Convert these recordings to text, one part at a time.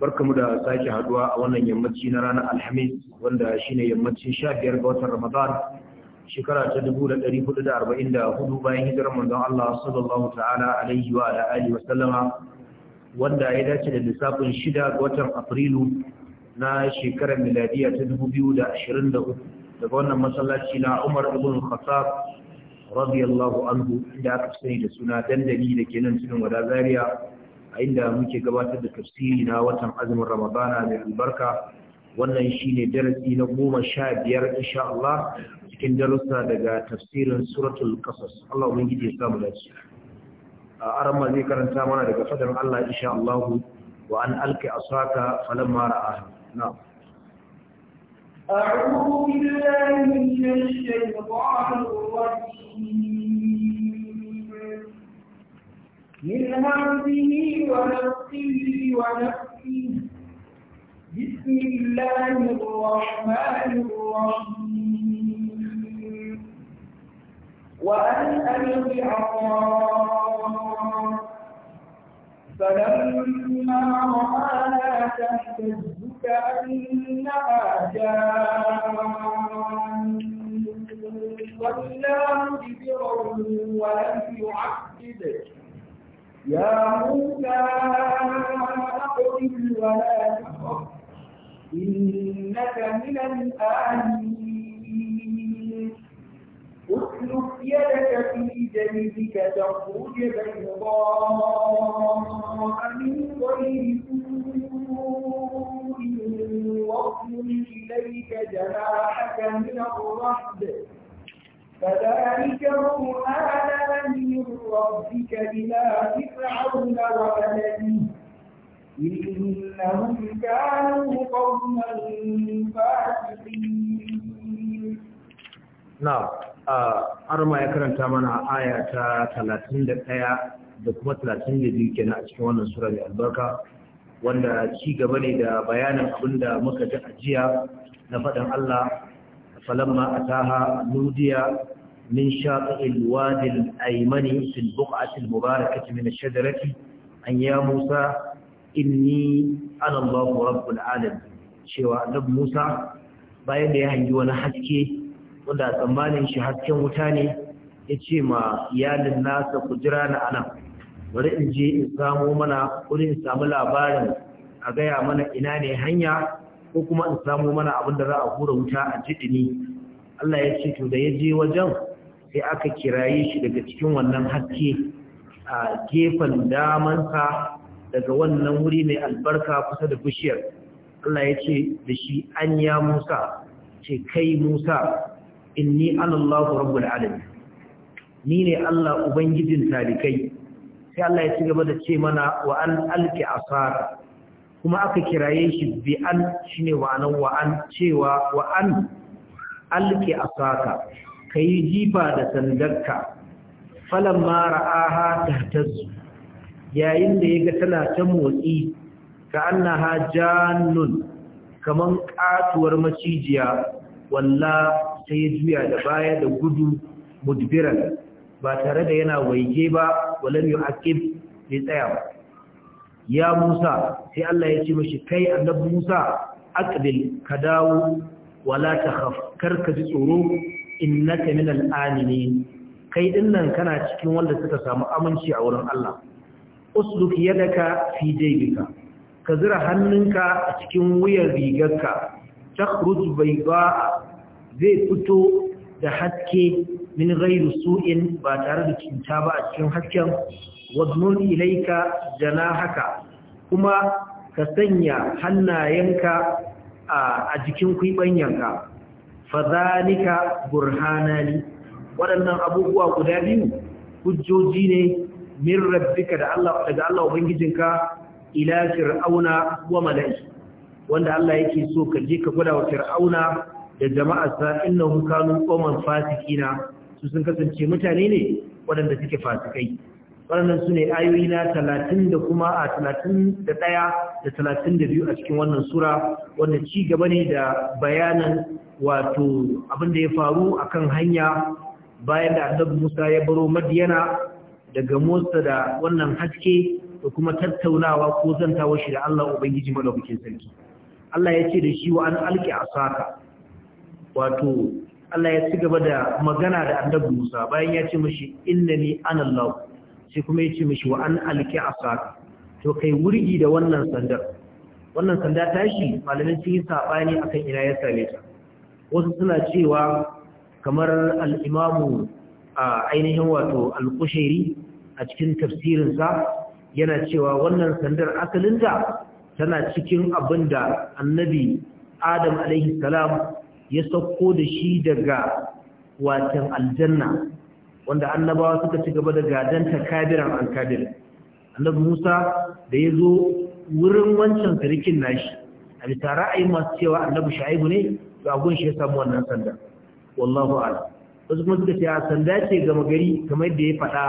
barkamu da sake haduwa a wannan yammaci na ranar alhamis wanda shine yammacin 15 ga watan ramadan shekara ta 1444 bayan hijirar manzon Allah sallallahu ta'ala alaihi wa alihi wa sallama wanda ya dace da lissafin 6 ga watan afrilu na shekarar miladiya ta 2023 daga wannan masallaci na Umar ibn Khattab radiyallahu anhu inda aka sani da suna dandali da kenan nan cikin wada zaria a inda muke gabatar da tafsiri na watan azumin ramadana mai albarka wannan shine darasi na goma sha biyar insha Allah cikin darussa daga tafsirin suratul qasas Allah ubangiji ya samu dace a arama zai karanta mana daga fadar Allah insha Allah wa an alqi asaka falamma ra'aha na'am أعوذ بالله من الشيطان الرجيم من همزه ونفسه ونفسه بسم الله الرحمن الرحيم وأن ألق فلما رآها تهتز كأنها جان ولا مدبرا ولم يعقب يا موسى أقبل ولا تخف إنك من الآمنين أسلك يدك في جيبك تخرج بيضاء من غير سوء واصل إليك جناحك من الرحب فذلك برهانان من ربك إلى فرعون وملئه إنهم كانوا قوما فاسقين نعم arma ya karanta mana aya ta da kuma biyu kenan a cikin wannan sura mai albarka wanda ci gaba ne da bayanin abinda muka ji ajiya na faɗin Allah فلما أتاها نودي من شاطئ الوادي الأيمن في البقعة المباركة من الشجرة أن يا موسى إني أنا الله رب العالمين شوى نب موسى bayan da ya hangi wani haske wanda tsammanin shi hasken wuta ne ya ce ma iyalin nasa ku jira na ana bari in je in samo mana kuri in samu labarin a gaya mana ina ne hanya ko kuma in samu mana abin da za a hura wuta a jidini Allah ya ce to da ya je wajen sai aka kiraye shi daga cikin wannan haske a gefen sa daga wannan wuri mai albarka kusa da bishiyar Allah ya ce da shi an ya Musa ce kai Musa inni anallahu rabbul alamin ni ne Allah ubangijin talikai sai Allah ya ci gaba da ce mana wa an alki asara kuma aka kiraye shi bi an shine wa'anan wa'an cewa wa'an alki asaka kai jifa da sandarka aha ra'aha tazu yayin da yaga tana ta motsi ka annaha jannun kaman katuwar macijiya walla sai ya juya da baya da gudu mudbiran ba tare da yana waige ba walam yu'aqib bi tsaya ba ya Musa sai Allah ya ce mashi kai annabi Musa aqbil ka dawo wala takhaf karka ji tsoro innaka minal al'amini. kai dinnan kana cikin wanda suka samu aminci a wurin Allah usluk yadaka fi jaybika ka zira hannunka a cikin wuyan rigarka takhruj bayda zai fito da haske min ghairu su'in ba tare da cuta ba a cikin hasken wadnun ilaika haka. kuma ka sanya hannayenka a jikin kwibanyanka fadhalika burhanani waɗannan abubuwa guda biyu hujjoji ne min rabbika da Allah daga Allah ubangijinka ila fir'auna wa mala'i wanda Allah yake so ka je ka gwada wa fir'auna da jama'arsa innahum kanu qauman fasikina su sun kasance mutane ne waɗanda suke fasikai waɗannan su ne ayoyi na talatin da kuma a talatin da ɗaya da talatin da biyu a cikin wannan sura wanda ci gaba ne da bayanan wato abin da ya faru a kan hanya bayan da annabi musa ya baro madiyana daga motsa da wannan haske da kuma tattaunawa ko zantawa shi da allah ubangiji madaukakin sarki allah ya ce da shi wa an alƙi asaka wato Allah ya ci gaba da magana da annabi Musa bayan ya ce mishi innani ana Allah sai kuma ya ce mishi wa an alki asar to kai wurgi da wannan sandar wannan sanda tashi malamin cikin sabani akan ina ya same ta wasu suna cewa kamar al-imamu a ainihin wato al-kushairi a cikin tafsirin sa yana cewa wannan sandar asalinta tana cikin abinda annabi adam alaihi salam ya sauko da shi daga watan aljanna wanda annabawa suka ci gaba da gadanta kabiran an kabir annabi musa da ya zo wurin wancan sarkin nashi a bisa ra'ayin masu cewa annabi sha'ibu ne to agun shi ya samu wannan sanda wallahu ala wasu kuma suka ce a sanda ce gama gari kamar da ya faɗa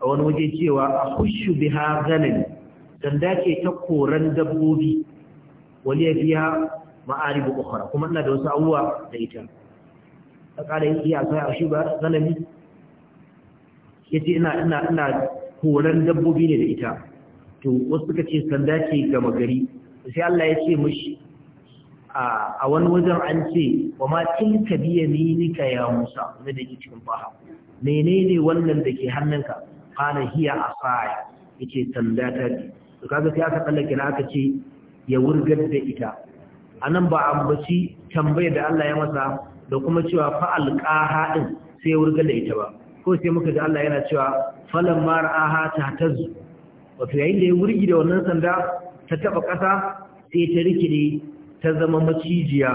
a wani waje cewa a hushu biha ganani sanda ce ta koran dabbobi Wani ya fiya ma'arib ukhra kuma ina da wasu awuwa da ita ta kare iya sai a shi ba zalami yace ina ina ina koran dabbobi ne da ita to wasu suka ce sanda ce ga magari sai Allah ya ce mishi a wani wajen an ce wa ma tilka biya ka ya Musa ne da cikin faha menene wannan da ke hannunka kana hiya asaya yace sanda ta ce to kaga sai aka tsallake na aka ce ya wurgar da ita anan ba ambaci tambayar da Allah ya masa da kuma cewa fa alqaha din sai wurga da ita ba ko sai muka ga Allah yana cewa falan mar'aha tahtaz wato yayin da ya wurgi da wannan sanda ta taba kasa sai ta rikide ta zama macijiya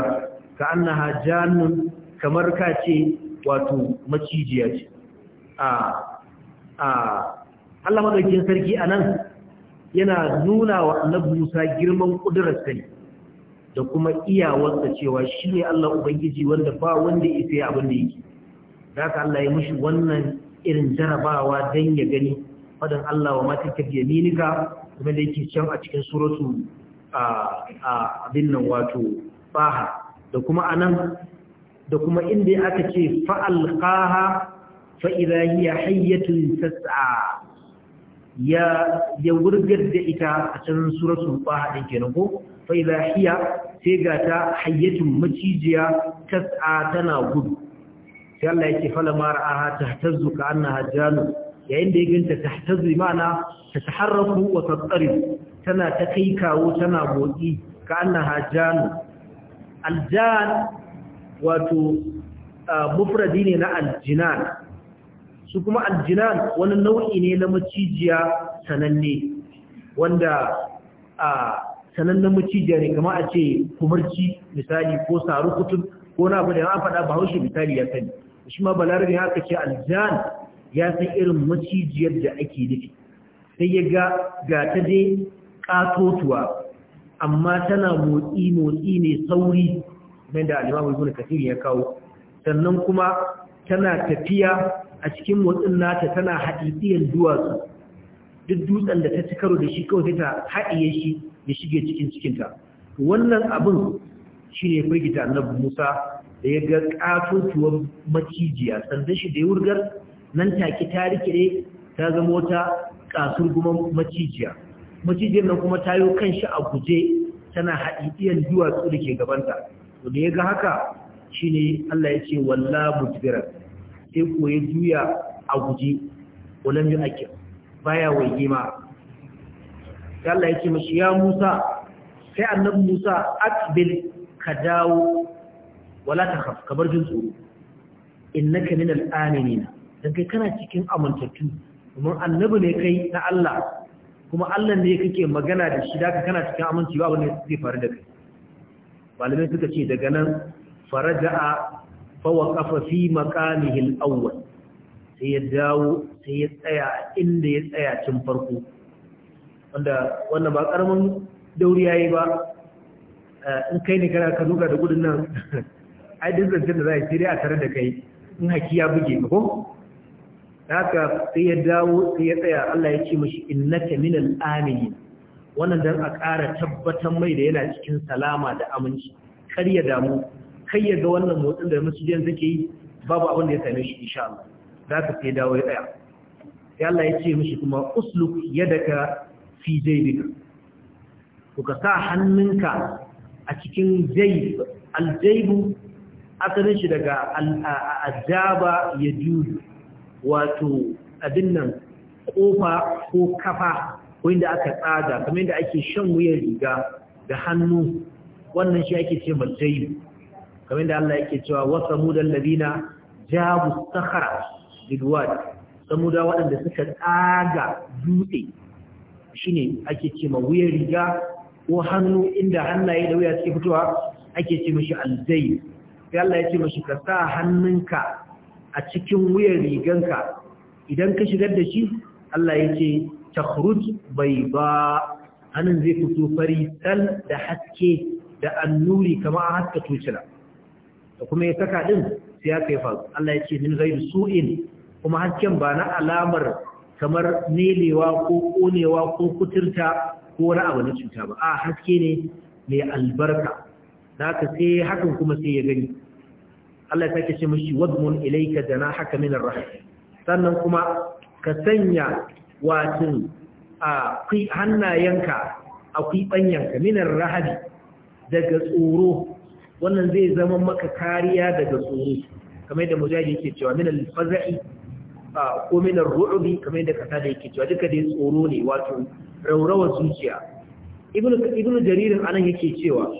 ka annaha jannun kamar ka ce wato macijiya ce a a Allah madaukin sarki anan yana nuna wa annabi Musa girman kudurar sai da kuma iyawarsa cewa shi ne Allah Ubangiji wanda ba wanda ya sai abin da yake. Daka Allah ya mushi wannan irin jarabawa don ya gani fadan Allah wa matan kafiya minika kuma da yake can a cikin suratu a abin nan wato faha da kuma nan, da kuma inda aka ce fa'alƙaha fa'irahiyya hayyatun sassa ya wurgar da ita a can suratu faha ɗin kenan ko? failahiya sai ga ta hayyatun macijiya tas'a tana gudu sai Allah yake fala mara aha ka yayin da ya ganta tahtazzu ma'ana ta wa tana ta kai kawo tana motsi ka aljan wato mufradi ne na aljinan su kuma aljinan wani nau'i ne na macijiya sananne wanda a sanannen macijiya ne kama a ce kumarci misali ko saru kutum ko na abu da ya faɗa bahaushe misali ya sani shi ma balarabe haka ce aljan ya san irin macijiyar da ake nufi sai ya ga ga ta dai ƙatotuwa amma tana motsi motsi ne sauri bayan da alimamu ibn kasir ya kawo sannan kuma tana tafiya a cikin motsin nata tana haɗiɗiyar duwatsu duk dutsen da ta ci karo da shi kawai ta haɗiye shi ya shige cikin cikinta wannan abin shi ne firgita na musa da ya ga ƙatotuwar macijiya sandan shi da ya wurgar nan take ta rikide ta zama wata ƙasur kuma macijiya macijiyar nan kuma ta yi kan shi a guje tana haɗi iyan duwatsu da ke gabanta to da ya ga haka shi ne allah ya ce walla mutbirar sai ko ya juya a guje walam yi akir baya waige ma sai Allah ya ce mashi ya Musa sai annabi Musa aqbil ka dawo wala takhaf ka bar jin tsoro innaka min al-aminin dan kai kana cikin amintattu kuma annabi ne kai na Allah kuma Allah ne kake magana da shi daga kana cikin aminci ba wanda zai faru da kai malamai suka ce daga nan faraja'a fa waqafa fi maqamihi al-awwal sai ya dawo sai ya tsaya inda ya tsaya tun farko wanda wannan ba karamin dauri yayi ba eh, in kai ne kana ka duka da gudun nan ai duk zancen da za a yi sai a tare da kai in haki ya buge ba ko haka sai ya dawo sai ya tsaya Allah ya ce mashi innaka minal amini wannan dan a ƙara tabbatar mai da yana cikin salama da aminci kar ya damu kai ya ga wannan motsin da masujiyar ke yi babu abin da ya same shi insha Allah za sai dawo ya tsaya sai Allah ya ce mishi kuma usluk yadaka fi jaibika to ka sa hannunka a cikin jayb aljaybu asalin shi daga ajaba ya juju wato abin nan kofa ko kafa ko inda aka tsada kamar inda ake shan wuyar riga da hannu wannan shi ake ce majayu kamar inda Allah yake cewa wasamu da jabu sakhara bidwad samuda waɗanda suka tsaga dutse shine ake ce ma wuyar riga ko hannu inda hannaye da wuya suke fitowa ake ce mashi alzai sai Allah ya ce mashi ka sa hannunka a cikin wuyar riganka idan ka shigar da shi Allah ya ce takhruj bayda hannun zai fito fari sal da haske da annuri kamar a haska tucila da kuma ya saka din sai ya kai fa Allah ya ce min ghayr su'in kuma hasken ba na alamar kamar nelewa ko konewa ko kuturta ko wani abu na cuta ba a haske ne mai albarka za ka sai hakan kuma sai ya gani Allah ya sake ce mishi wadmun ilayka na min ar-rahim sannan kuma ka sanya watin a kai hannayenka a banyanka min ar-rahabi daga tsoro wannan zai zama maka kariya daga tsoro kamar da mujahid yake cewa min al-faza'i ko mina ru'ubi kamar yadda kasa da yake cewa duka dai tsoro ne wato raurawar zuciya ibnu ibnu jarir anan yake cewa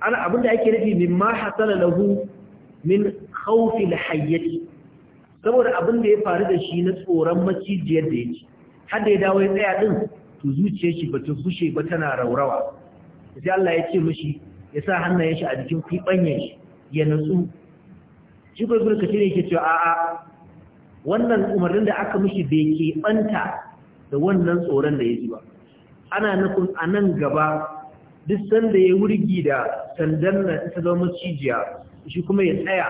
ana abinda ake nufi ma hasala lahu min khawfi al-hayyati saboda abinda ya faru da shi na tsoron macijiyar da yake har da ya dawo ya tsaya din to zuciyar shi bata fushe ba tana raurawa sai Allah ya ce mishi ya sa hannayen shi a jikin kwibanyen shi ya nutsu shi ko ibnu kathir yake cewa a'a wannan umarnin da aka mishi bai keɓanta da wannan tsoron da ya ji ba ana nufin a nan gaba duk sanda ya wurgi da sandan na ta zama cijiya shi kuma ya tsaya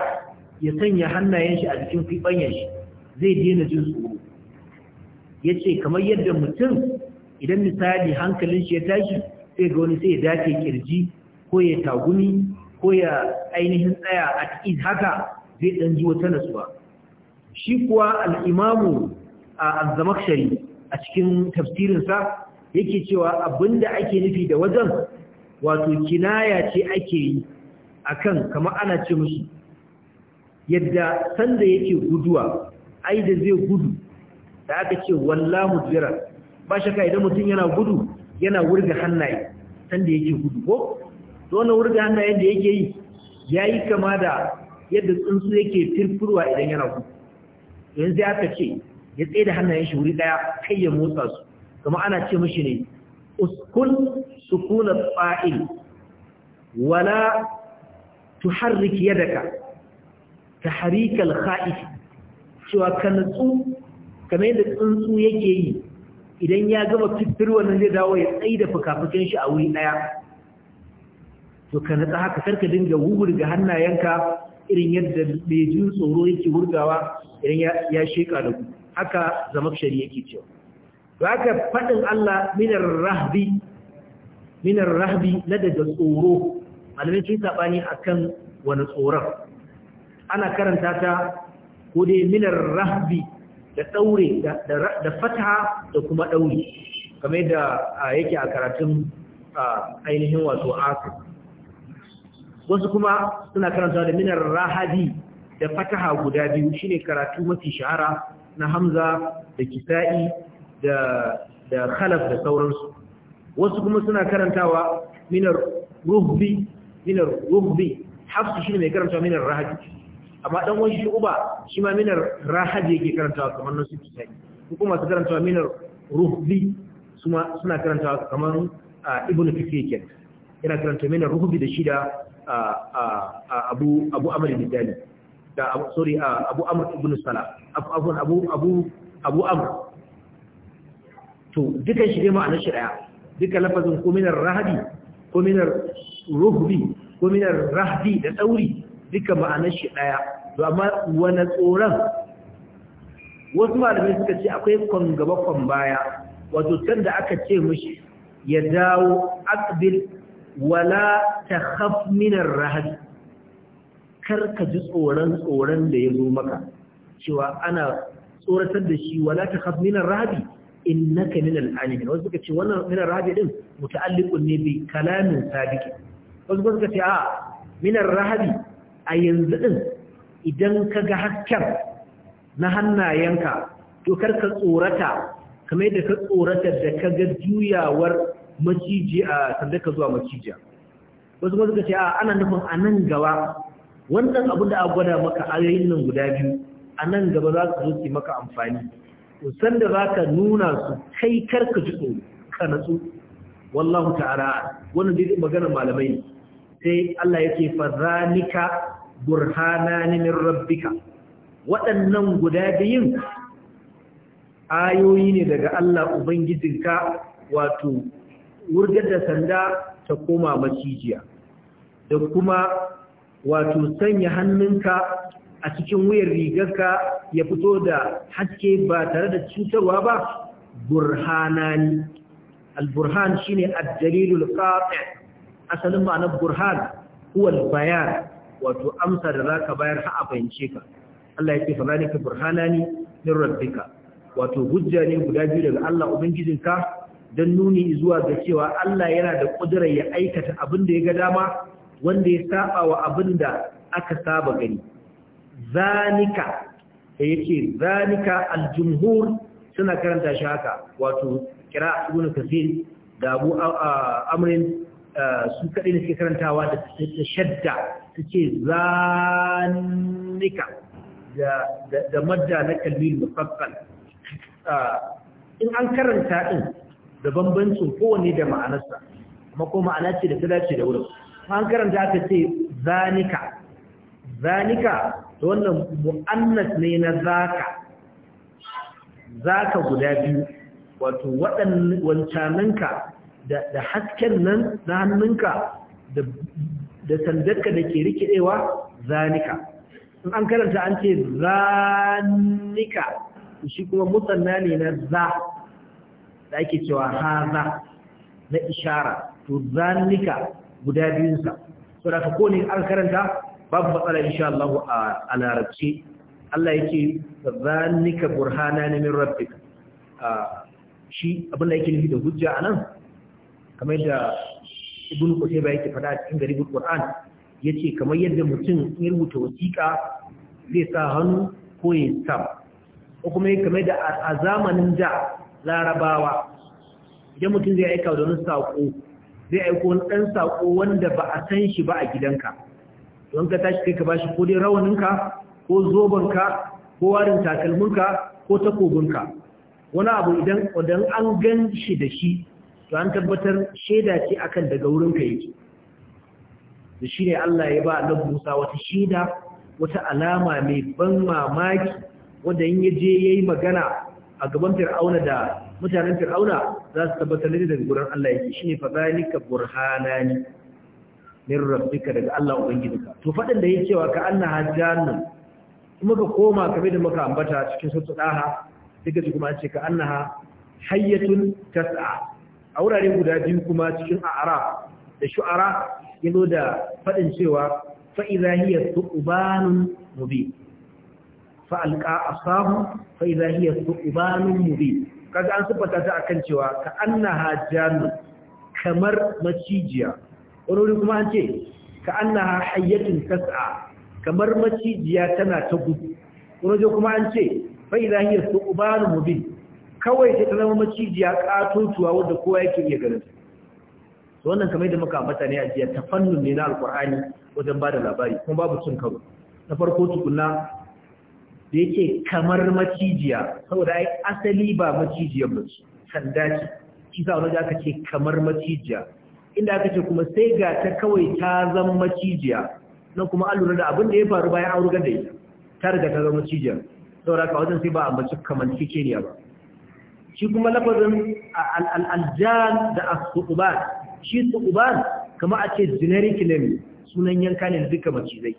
ya sanya hannayen shi a jikin kwiɓanyar shi zai daina jin tsoro ya ce kamar yadda mutum idan misali hankalin shi ya tashi sai ga wani sai ya dace kirji ko ya tagumi ko ya ainihin tsaya a haka zai ɗan ji wata nasuwa shi kuwa al'imamu a shari a cikin tafsirinsa yake cewa abinda ake nufi da wajen wato kinaya ce ake yi a kan kama ana ce musu yadda sanda yake guduwa ai da zai gudu da aka ce wallahu jira ba shaka idan mutum yana gudu yana wurga hannaye sanda yake gudu ko wannan wurga hannayen da yake yi ya yi kama da yadda tsuntsu yake firfirwa idan yana gudu yanzu aka ce ya tsaye da hannayen shi wuri daya kai ya motsa su kuma ana ce mashi ne uskun sukunar fa'il wala tuharrik yadaka tahrikal kha'if cewa ka nutsu kamar yadda tsuntsu yake yi idan ya gama fitirwa nan zai dawo ya tsaye da fukafukan shi a wuri daya to ka nutsa haka karka dinga wurga hannayenka irin yadda mai jin tsoro yake hurgawa idan ya sheka da ku haka zamakshari yake cewa haka faɗin Allah minar rahbi minar rahbi na daga tsoro malamai saɓani sabani akan wani tsoron ana karanta ta ko dai minar rahbi da daure da fataha da kuma daure kamar yadda yake a karatun ainihin wato asir wasu kuma suna karanta da minar rahadi da fataha guda biyu shine karatu mafi shahara na hamza da kisa'i da da khalaf da sauransu wasu kuma suna karantawa minar ruhbi minar ruhbi hafsu shine mai karantawa minar rahadi amma dan wani shi uba shi ma minar rahadi yake karantawa kamar nan su kisa'i kuma su karantawa minar ruhbi suna karantawa kamar ah, ibn fikikin yana karanta minar ruhbi da shida abu abu ibn bin da abu sorry abu amr ibn salah abu abu abu abu amr to dukan shi dai ma'anar shi daya duka lafazin ko minar Rahabi, ko minar ruhbi ko minar rahbi da dauri duka ma'anar shi daya to amma wani tsoron wasu malamai suka ce akwai kon gaba kon baya wato can da aka ce mushi ya dawo aqbil. wala ta hafminar ar-rahab kar ka ji tsoron tsoron da ya zo maka cewa ana tsoratar da shi wala ta hafminar ar In innaka min al-alimin wasu suka ce wannan minar ar-rahab din muta'alliqun ne bi kalamin sabiq wasu suka ce a min ar a yanzu din idan kaga hakkan na hannayenka to kar ka tsorata kamar da ka tsorata da kaga juyawar maciji a sandaka zuwa macijiya wasu kuma suka ce a ana nufin a nan gaba wannan abin da aka gwada maka ayoyin nan guda biyu a nan gaba za su zo maka amfani san da za ka nuna su kai karka ji ka natsu wallahu ta'ala wannan dai magana malamai sai Allah yake faranika burhanani min rabbika waɗannan guda biyun ayoyi ne daga Allah ubangijinka wato wurgar da sanda ta koma macijiya da kuma wato sanya hannunka a cikin wuyar rigarka ya fito da haske ba tare da cutarwa ba burhanani al-burhan shine ad-dalilul qati' asalin ma'anar burhan huwa al-bayan wato amsa da zaka bayar har a fahimce ka Allah yake fa zalika burhanani min rabbika wato hujja ne guda biyu daga Allah ubangijinka don nuni zuwa ga cewa Allah yana da ƙudurar ya aikata abin da ya ga dama wanda ya saba wa abin da aka saba gani zanika da yake zanika aljumhur suna karanta shi haka wato kira ibn kasir da abu amrin su kadai ne suke karantawa da shadda suke zanika da da madda na kalmi mufassal in an karanta din da bambancin kowanne da ma'anarsa kuma ko ma'ana ce da ta dace da wurin an karanta aka ce zanika zanika da wannan mu'annas ne na zaka zaka guda biyu wato waɗannan da hasken nan na hannunka da sandarka da ke rikidewa zanika in an karanta an ce zanika shi kuma musanna ne na za da ake cewa haza na ishara to zanika guda biyunsa so da ko ne an karanta babu matsala insha Allah a larabci Allah yake zalika burhana ne min rabbika shi abin da yake nufi da hujja anan kamar da ibnu qutayba yake fada a cikin garibul qur'an yace kamar yadda mutum ya rubuta wasiƙa zai sa hannu ko ya sa ko kuma kamar da a zamanin da larabawa idan mutum zai aika da wani saƙo zai aiko wani ɗan saƙo wanda ba a san shi ba a gidanka don ka tashi kai ka bashi ko dai rawaninka ko zobanka ko warin takalminka ko takobinka wani abu idan idan an gan shi da shi to an tabbatar shaida ce akan daga wurin ka yake da shi ne Allah ya ba Annabi Musa wata shaida wata alama mai ban mamaki wanda in yaje yayi magana a gaban fir'auna da mutanen fir'auna za su tabbatar da gurin Allah yake shine fa zalika burhanani min rabbika daga Allah ka. to fadin da yake cewa ka annaha jahannam kuma ka koma kabe da maka ambata cikin sutu daha daga kuma ce ka annaha hayyatun tas'a a wurare guda biyu kuma cikin a'ara da shu'ara yazo da fadin cewa fa idha hiya thubanun mubin fa alqa asahu fa idha hiya thubanun mubin kaga an sifata ta akan cewa ka annaha jannu kamar macijiya wani kuma an ce ka annaha hayyatun tas'a kamar macijiya tana ta gudu wani kuma an ce fa idha hiya thubanun mubin kawai ta zama macijiya katotuwa wadda kowa yake iya ganin wannan kamar da muka ambata ne a jiya ta fannin ne na alkur'ani wajen ba da labari kuma babu cin karo na farko tukuna da yake kamar macijiya saboda ai asali ba macijiyar bace sanda ce shi wani aka ce kamar macijiya inda aka ce kuma sai ga ta kawai ta zama macijiya nan kuma an lura da abin da ya faru bayan an rugar da ita ta riga ta zama macijiya saboda ka wajen sai ba a mace kamar cikeniya ba shi kuma lafazin al'aljan da as-su'uban shi su'uban kama a ce generic name sunan yanka ne duka macizai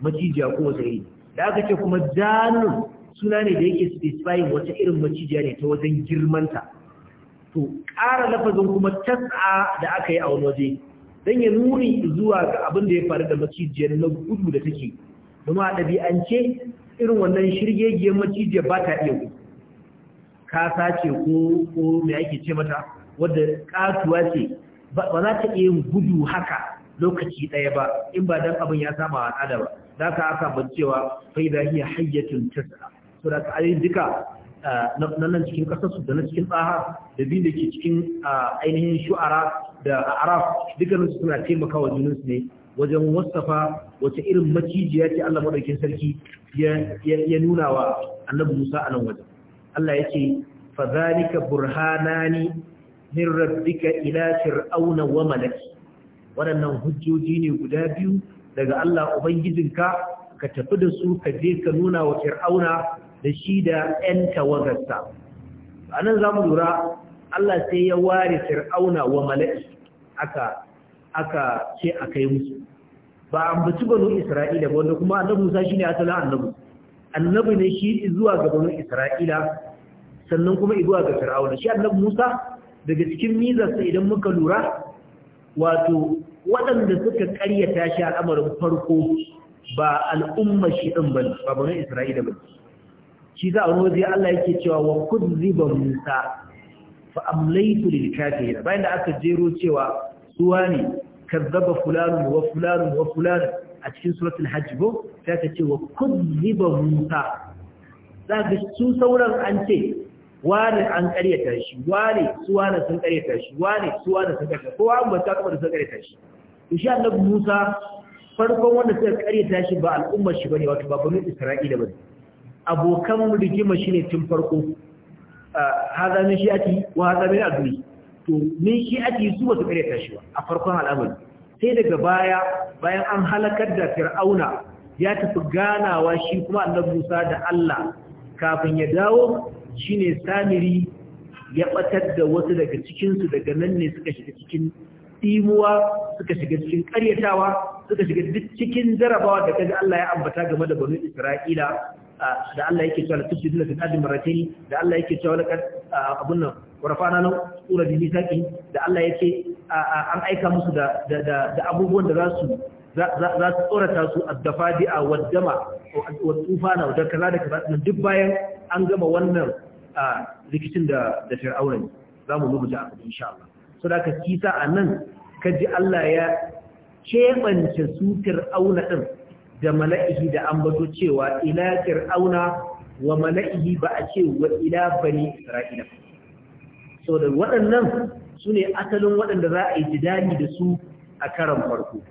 macijiya ko wasu da aka ce kuma janun suna ne da yake specifying wata irin macijiya ne ta wajen girmanta to ƙara lafazin kuma tas'a da aka yi a wani waje don ya nuni zuwa ga abin da ya faru da macijiyar na gudu da take kuma a ɗabi'ance irin wannan shirgegiyar macijiya ba ta iya gudu ka sace ko ko me ake ce mata wadda ƙatuwa ce ba za ta iya yin gudu haka lokaci ɗaya ba in ba don abin ya sama al'ada ba da ka aka bancewa fai da hiya hayyacin tas'a so da ka duka na nan cikin kasarsu da na cikin tsaha da biyu da ke cikin ainihin shu'ara da araf dukkaninsu suna taimaka wa junansu ne wajen wasafa wace irin macijiya ce Allah madaukin sarki ya nuna wa annabi Musa a nan wajen Allah ya ce fa burhanani min rabbika ila fir'auna wa malaki waɗannan hujjoji ne guda biyu daga Allah Ubangijinka ka tafi da su ka je ka nuna wa fir'auna da shi da 'yan tawagarsa a nan za mu lura Allah sai ya ware fir'auna wa mala'i aka aka ce a kai musu ba an batu banu isra'ila ba wanda kuma annabi musa shine asalin annabi annabi ne shi zuwa ga banu isra'ila sannan kuma zuwa ga fir'auna shi annabi musa daga cikin mizarsa idan muka lura wato waɗanda suka karyata shi al'amarin farko ba al'umma shi ɗin ba ba isra'ila ba shi za a rozi Allah yake cewa wa kuziba musa fa amlaitu lil kafirin bayan da aka jero cewa suwa ne kazzaba fulanun wa fulanun wa fulanun a cikin suratul hajj ba sai ka ce wa kuziba musa za ga su sauran an ce wane an karyata shi wane su wane sun karyata shi wane su wane sun karyata kowa an bata kuma da sun karyata shi insha Allah Musa farkon wanda suka karyata shi ba al'ummar shi bane wato ba bani Isra'ila bane abokan rigima shine tun farko hada min ati wa hada min adui to min ati su ba su karyata shi ba a farkon al'amari sai daga baya bayan an halakar da Fir'auna ya tafi ganawa shi kuma Annabi Musa da Allah kafin ya dawo shine samiri ya batar da wasu daga cikinsu daga nan ne suka shiga cikin ɗimuwa suka shiga cikin ƙaryatawa suka shiga duk cikin jarabawa da kaji Allah ya ambata game da banu Isra'ila da Allah yake cewa tufti shi kan adin maratini da Allah yake cewa lakan abun nan warfana nan tsura da nisaki da Allah yake an aika musu da da abubuwan da za su za su tsorata su addafadi'a waddama wa tufana da kaza da kaza duk bayan an gama wannan a rikicin da da fir'auna za mu rubuta a cikin insha Allah so da ka kisa a nan kaji Allah ya keɓance su fir'auna din da mala'ihi da an bato cewa ila fir'auna wa mala'ihi ba a ce wa ila bani isra'ila so da waɗannan su ne asalin waɗanda za a yi jidali da su a karan farko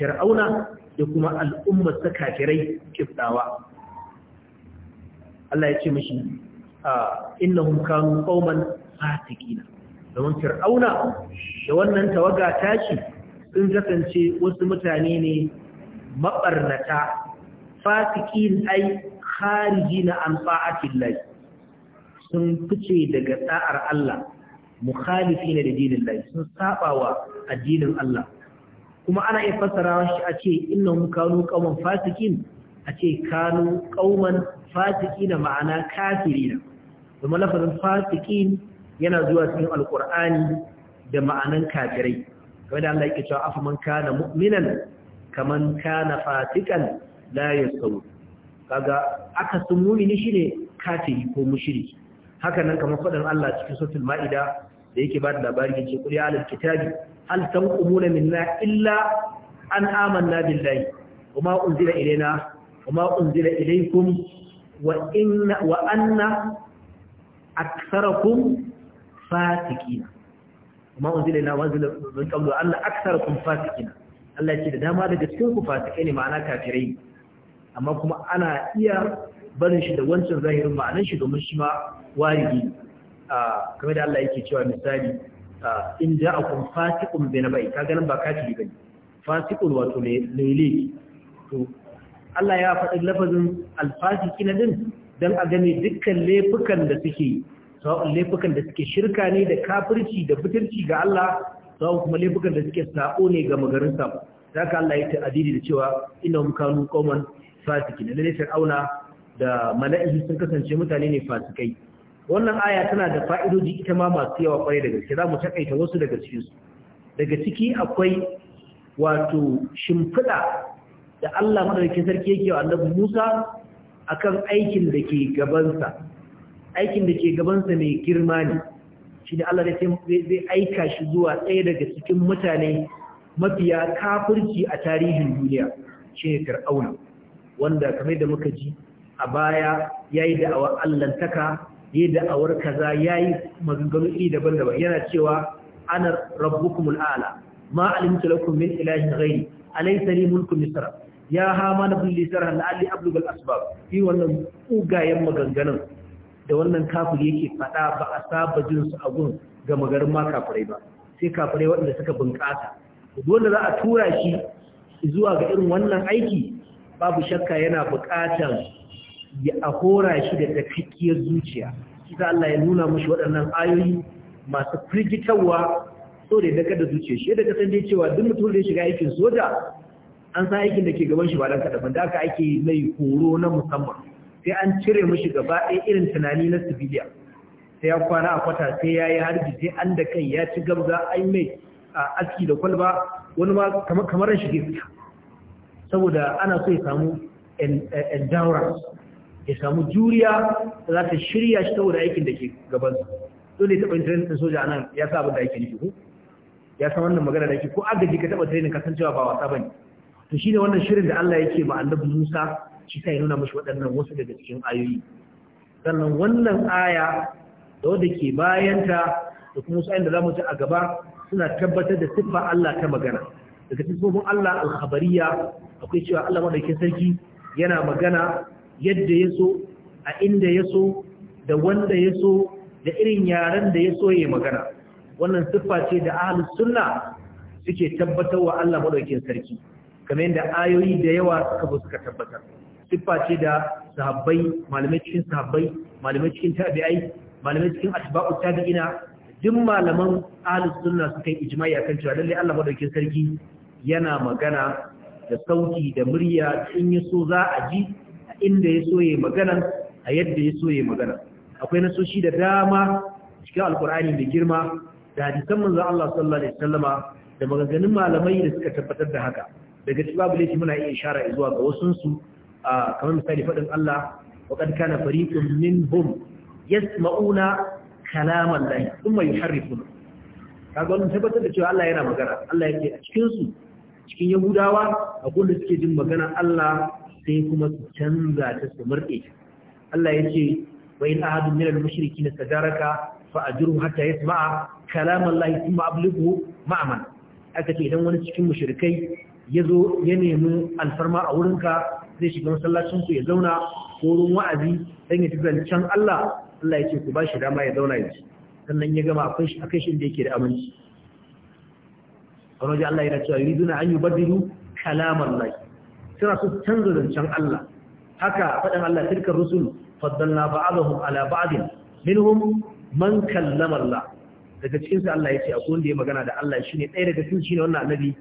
fir'auna da kuma al'ummar ta kafirai kiftawa Allah ya ce mashi innahum kanu qauman fasiqina domin fir'auna da wannan tawaga tashi sun kasance wasu mutane ne mabarnata fasiqin ai kharijina an fa'atillahi sun fice daga ta'ar Allah mukhalifina da dinin Allah sun sabawa addinin Allah kuma ana iya fassara shi a ce innahum kanu qauman fasiqin a ce kanu qauman fasiqina ma'ana kafirina domin lafazin fasikin yana zuwa cikin alkur'ani da ma'anan kafirai kamar da Allah yake cewa afaman kana mu'minan kaman kana fasikan la yasawu kaga aka sun mu'mini shine kafiri ko mushriki haka nan kamar faɗan Allah cikin suratul ma'ida da yake ba da labari yace qul ya alal kitabi hal tanqumuna minna illa an amanna billahi wama unzila ilaina wama unzila ilaykum wa inna wa anna aksarakum fatikina amma unzila ila wanzila min qablu Allah aksarakum fatikina Allah yake da dama daga cikin ku fatikai ne ma'ana kafirai amma kuma ana iya barin shi da wancan zahirin ma'anan shi domin shi ma warigi a kamar da Allah yake cewa misali in ja'akum fatiqun bi nabai kaga nan ba kafiri bane fasiqun wato ne lele to Allah ya faɗi lafazin alfasiki na din don a gane dukkan laifukan da suke sawa'un laifukan da suke shirka ne da kafirci da fitirci ga Allah sawa'un kuma laifukan da suke sa'o ne ga magarinsa za ka Allah ya ta adidi da cewa ina kanu kawon fasiki da lalle auna da mala'ihi sun kasance mutane ne fasikai wannan aya tana da fa'idoji ita ma masu yawa kwarai da gaske za mu takaita wasu daga cikin su daga ciki akwai wato shimfiɗa da Allah madaukakin sarki yake wa Annabi Musa akan aikin da ke gabansa aikin da ke gabansa mai girma ne shi da Allah zai aika shi zuwa ɗaya daga cikin mutane mafiya kafirci a tarihin duniya shi ne fir'auna wanda kamar da muka ji a baya ya yi da'awar allantaka ya yi da'awar kaza ya yi maganganu iri daban-daban yana cewa ana rabbukumul ala ma alimtu lakum min ilahin ghairi alaysa li mulku misra ya hama na bulli sarhan la'alli ablugal asbab yi wannan ugayen maganganun da wannan kafir yake faɗa ba a saba jinsu a gun ga magarin ma kafirai ba sai kafirai waɗanda suka bunƙasa wanda za a tura shi zuwa ga irin wannan aiki babu shakka yana buƙatar ya ahora shi da tafikiyar zuciya ta Allah ya nuna mushi waɗannan ayoyi masu firgitarwa so da ya daga da zuciya shi da kasan dai cewa duk mutum da ya shiga aikin soja an san aikin da ke gaban shi ba dan kaɗa da aka aiki mai horo na musamman sai an cire mishi gaba ɗaya irin tunani na civilian sai ya kwana a kwata sai ya yi harbi sai an da kai ya ci gabza an mai a aski da kwalba wani ma kamar shi ke gaskiya saboda ana so ya samu endurance ya samu juriya za ta shirya shi saboda aikin da ke gabansa dole taɓa intanet ɗin soja nan ya sa abin da ake nufi ko ya san wannan magana da ke ko agaji ka taɓa training kasancewa ba wasa ba ne to ne wannan shirin da Allah yake ba annabi Musa shi ya nuna mashi waɗannan wasu daga cikin ayoyi sannan wannan aya da wadda ke bayanta da kuma wasu ayin da mu ci a gaba suna tabbatar da siffa Allah ta magana daga siffofin Allah al-khabariya akwai cewa Allah madaukakin sarki yana magana yadda ya so a inda ya so da wanda ya so da irin yaren da ya so ya magana wannan siffa ce da ahlus sunna suke tabbatar wa Allah madaukakin sarki kamar da ayoyi da yawa suka bu suka tabbatar siffa ce da sahabbai malamai cikin sahabbai malamai cikin tabi'ai malamai cikin asba'u tabi'ina duk malaman ahlus sunna suka yi ijma'i akan cewa lalle Allah madaukakin sarki yana magana da sauki da murya in ya so za a ji a inda ya so ya magana a yadda ya so ya magana akwai nasoshi da dama cikin alkur'ani da girma da hadisan manzon Allah sallallahu alaihi wasallama da maganganun malamai da suka tabbatar da haka daga cikin babu laifi muna iya ishara zuwa ga wasu su kamar misali faɗin Allah wa qad kana fariqun minhum ma'una kalaman lahi kuma yuharrifuna kaga wani tabbatar da cewa Allah yana magana Allah yake a cikin cikin Yahudawa a da suke jin magana Allah sai kuma su canza ta su murɗe Allah yace wa in ahadun minal na tajaraka fa ajruhu hatta yasma'a kalaman lahi thumma ablighu ma'aman aka ce idan wani cikin mushrikai ya zo ya nemi alfarma a wurinka zai shiga masallacinku ya zauna ko wurin wa'azi don ya ci can Allah Allah ya ce ku ba shi dama ya zauna ya ci sannan ya gama a kai shi da yake da aminci a wajen Allah yana cewa yuri duna an yi badiru kalamar lai suna su canza zancen Allah haka faɗin Allah tilkar rusul faddalna ba'adahum ala ba'adin minhum man kallamar la daga cikinsu Allah ya ce akwai wanda ya magana da Allah shine ɗaya daga cikin shine wannan annabi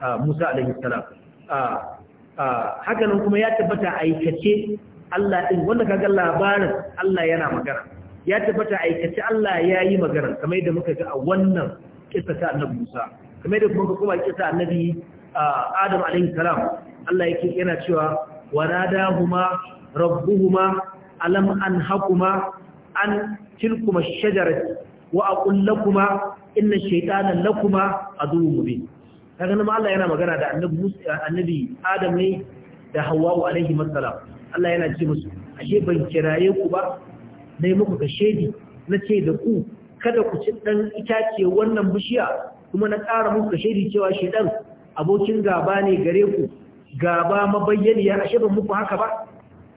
Musa alaihi salam hakanan kuma ya tabbata aikace Allah ɗin wanda kaga labarin Allah yana magana ya tabbata aikace Allah ya yi magana kamar yadda muka ga a wannan kissa ta Annabi Musa kamar yadda kuma kuma kissa Annabi Adam alaihi Allah yake yana cewa wanadahuma rabbuhuma alam an hakuma an tilkuma shajarati wa aqul lakuma inna shaytana lakuma aduwwun mubin kaga nan Allah yana magana da annabi Musa annabi Adam ne da Hawwa alaihi assalam Allah yana ce musu ashe ban kiraye ku ba dai muku ka shedi na ce da ku kada ku ci dan itace wannan bishiya kuma na ƙara muku ka shedi cewa shedan abokin gaba ne gare ku gaba mabayyaniya ashe ban muku haka ba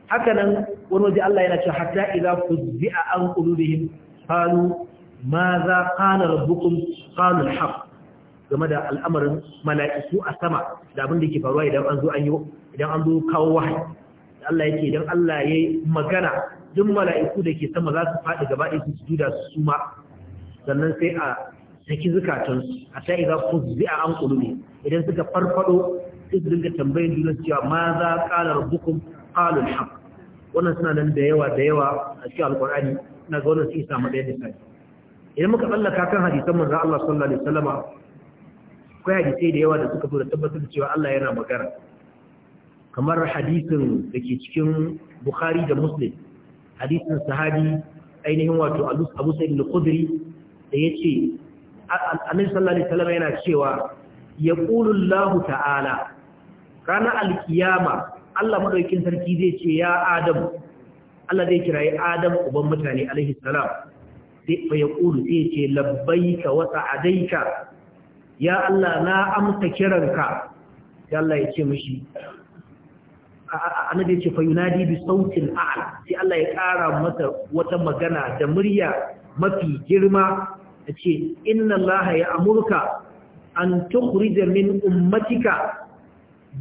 haka nan wani waje Allah yana cewa hatta idza fuzzi'a an qulubihim qalu ma za qala rabbukum qalu al-haqq game da al'amarin mala'iku a sama da abin da ke faruwa idan an zo an yi idan an zo kawo wahayi Allah yake idan Allah yayi magana duk mala'iku da ke sama za su faɗi gaba ɗaya su sujuda su suma sannan sai a saki zukatansu a ta iza fuzzi'a an qulubi idan suka farfado sai su dinga tambayin juna cewa ma za qala rabbukum qalu al-haq wannan suna nan da yawa da yawa a cikin Alƙur'ani na ga wannan sai isa madaya da sai idan muka tsallaka kan hadisan manzo Allah sallallahu alaihi wasallama akwai hadisai da yawa da suka zo da tabbatar da cewa Allah yana magana kamar hadisin da ke cikin Bukhari da Muslim hadisin sahabi ainihin wato Abu Sa'id al-Khudri da yace Annabi sallallahu alaihi wasallam yana cewa yaqulu Allah ta'ala kana al-qiyama Allah madaukakin sarki zai ce ya Adam Allah zai kirayi Adam uban mutane alaihi salam sai fa yaqulu sai ce labbaika wa sa'adaika ya Allah na amsa kiranka ya Allah ya ce mishi annabi ce fa yunadi bi sautin a'la sai Allah ya ƙara masa wata magana da murya mafi girma yace inna allaha ya amurka an tukhrija min ummatika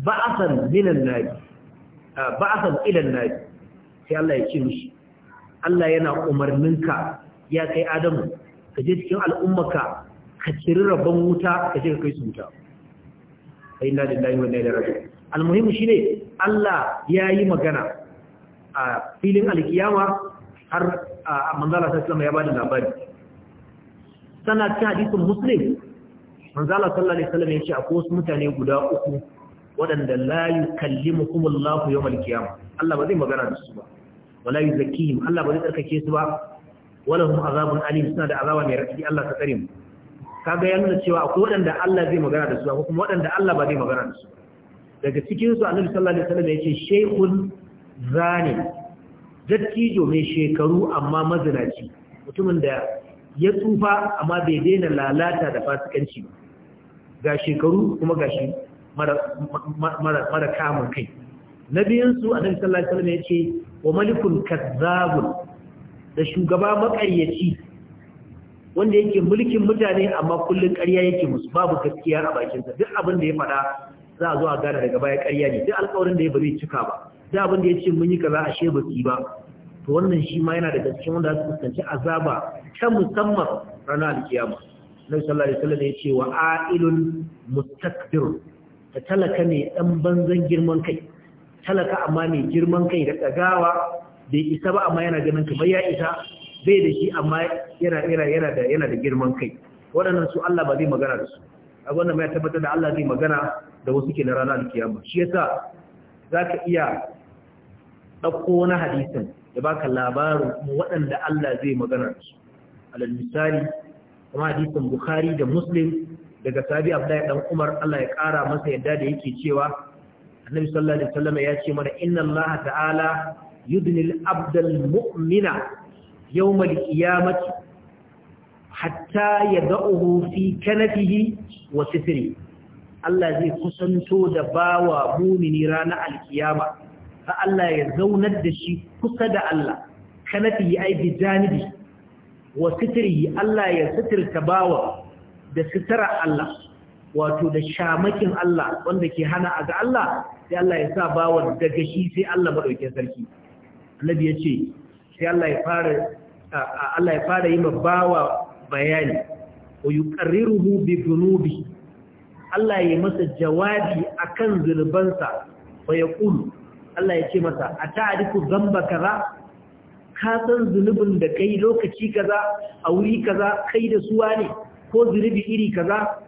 ba'san minan nabi ba'san ila nabi sai Allah ya ce mishi Allah yana umarninka ya kai Adamu ka je cikin al'ummaka. ka ciri rabban wuta ka ce ka kai su wuta inna lillahi wa inna ilaihi raji'un almuhimmi ne Allah ya yi magana a filin alkiyama har a manzala sallallahu ya bada labari sana ta hadisun muslim manzala sallallahu alaihi wasallam ya ce akwai wasu mutane guda uku waɗanda la lafi yau qiyamah Allah ba zai magana da su ba wala yuzakkihim Allah ba zai tsarkake su ba Wala walahum azabun alim suna da azaba mai rafi Allah ta tsare mu kaga yana nuna cewa akwai waɗanda Allah zai magana da su akwai kuma waɗanda Allah ba zai magana da su daga cikin su annabi sallallahu alaihi wasallam yace shaykhun zani dattijo mai shekaru amma mazinaci mutumin da ya tsufa amma bai daina lalata da fasikanci ba ga shekaru kuma ga shi mara kamun kai nabiyin su annabi sallallahu alaihi wasallam ya ce wa malikun kazzabun da shugaba makayyaci wanda yake mulkin mutane amma kullum ƙarya yake musu babu gaskiya a bakinsa duk abin da ya faɗa za a zo a gane daga baya ƙarya ne duk alƙawarin da ya ba cika ba duk abin da ya ce mun yi kaza a ba su ba to wannan shi ma yana da cikin wanda za su azaba ta musamman ranar alkiyama Nabi sallallahu alaihi wasallam ya ce wa ailun mustakbir ta talaka ne dan banzan girman kai talaka amma mai girman kai da tsagawa bai isa ba amma yana ganin kamar ya isa bai da shi amma yana yana yana da yana da girman kai waɗannan su Allah ba zai magana da su a wannan mai tabbatar da Allah zai magana da wasu ke na ranar alkiyama shi yasa zaka iya dauko na hadisin da baka labarin waɗanda Allah zai magana da su alal misali kuma hadisin Bukhari da Muslim daga Sabi Abdullahi dan Umar Allah ya ƙara masa yadda da yake cewa Annabi sallallahu alaihi wasallam ya ce mana inna Allah ta'ala yudnil abdal mu'mina yawmal qiyamati hatta yad'uhu fi kanafihi wa sitri Allah zai kusanto da bawa mumini ranar alkiyama fa Allah ya zaunar da shi kusa da Allah kanafihi ai bi janibi wa sitri Allah ya sitirta bawa da sitara Allah wato da shamakin Allah wanda ke hana a ga Allah sai Allah ya sa bawan daga shi sai Allah madaukakin sarki annabi ya sai Allah ya fara Allah ya fara yi bawa bayani wa yuqarriruhu bi dhunubi Allah ya masa jawabi akan zulbansa wa yaqulu Allah ya ce masa A adiku zamba kaza ka san zulubin da kai lokaci kaza a wuri kaza kai da suwa ne ko zulubi iri kaza